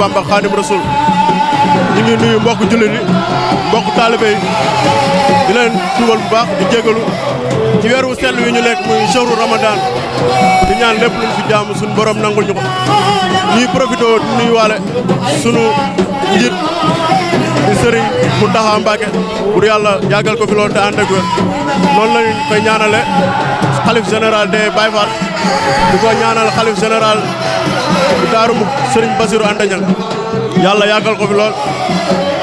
Bamba Xaadim Rasul ñu ngi nuyu mbokk jullit yi mbokk taalibe yi tuubal bu baax di jégalu ci weeru sell wi ñu nekk muy shahru di ñaan lépp luñ fi jaamu suñu borom nangul ñu ko ñuy profité di nuyuwaale sunu njiit di sëriñ mu taxa Mbàkke pour yàlla yàggal te ànd ak wér noonu lañ ñaanale xalif général de Baye Fall di ñaanal xalif général bu Daaru Muk Serigne Bassirou Anta Niang yàlla yàggal ko fi lool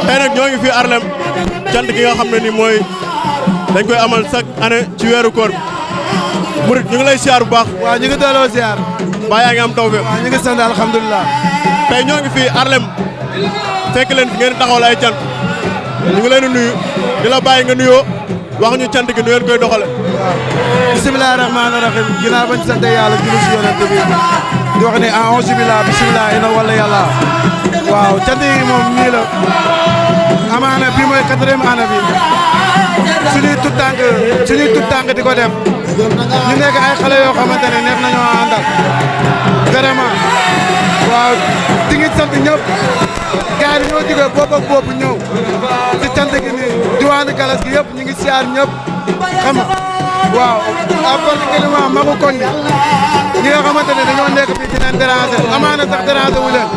tey nag ñoo ngi fii Arlem cant nga xam ne ni mooy dañ koy amal chaque année ci weeru koor bi murit ñu ngi lay siyaar bu baax waaw ñu ngi siyaar baa yaa ngi am taw fe waaw ñu ngi sant alhamdulilah tey ñoo ngi fii Arlem fekk leen fi ngeen taxawal ay ngi leen di nuyu di la bàyyi nga nuyoo wax ñu cant gi nu ngeen koy doxale waaw bisimilah rahmaani rahim ginnaaw bañ sant yàlla julli si di wax ne ah onze billah bisimilah ina wala yàlla waaw cant moom nii la amaana mooy quatrième année bi suñuy tut tànk di ko def ñu ay xale xamante ne neex nañoo àndal vraiment waaw di ngi sant ñëpp gars yi ñoo jógee ñëw ci cant gi nii diwaanu galas gi yëpp ñu ngi siyaar ñëpp xam waaw en particulièrement magu koñ bi ñi nga xamante ne dañoo nekk fii ci leen déranger amaana sax déranger wu leen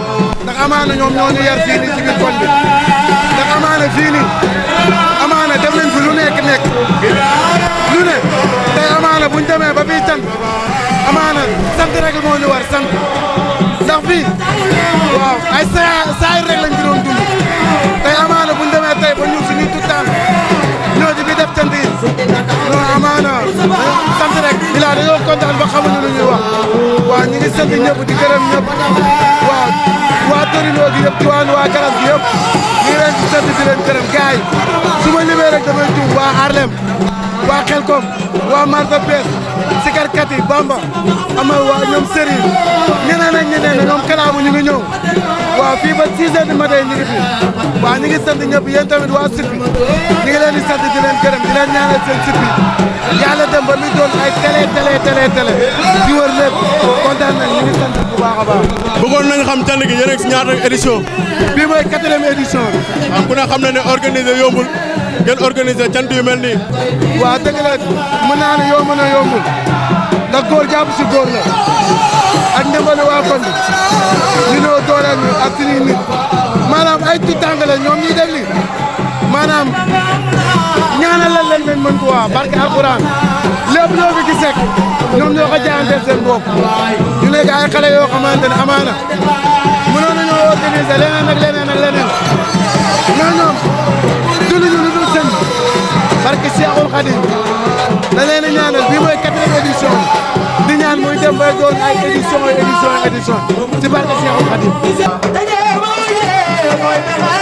ndax amaana ñoom ñoo ñu yar fii nii ci waaw dañoo kontaan ba xamuñu lu ñuy wax waaw ñu ngi sant ñëpp di gërëm ñëpp waaw waa Torino gi yëpp wa waa Galas gi yëpp ñu ngi leen di sant di leen gërëm gars yi su ma limee rek damay tuub waa Harlem waa Xelkom waa Marta Bees sikarkat yi Bamba ama waa ñoom Serigne ñeneen ak ñeneen ñoom kalaamu ñu ngi waaw fii ba 6 heures du matin ñu ngi fi waaw ñu ngi sant ñëpp yéen tamit waa site bi ñu ngi leen di sant di leen gërëm ba muy doon ay télé télé télé télé di wër lépp kontaan nañ ñu ngi sant bu baax a baax. bëggoon nañu xam tànn gi yéen a ngi si ñaata édition. bii mooy quatrième édition bi. Ah, waaw ku ne xam na ne organiser yombul organise organiser cant yu mel nii. waa dëgg la mën naa ne yomb ndax góor jàpp si góor la ak ndembale waa kon ñu ñëw dooleel ñu ak suñuy nit maanaam ay tout tànk la ñoom ñuy def li maanaam ñaanal lan leen ngeen mën ko barke alxuraan lépp loo fi gis ñoom ñoo ko jaayanteel seen bopp ñu nekk ay xale yoo xamante ne amaana mënoon nañoo organiser leneen ak leneen ak leneen mais ñoom julli ñu lu dul sëñ barke Seexul Xadim da leen a ñaanal. édition di ñaan muy dem bay doon ay édition édition édition ci barke Cheikhou Khadim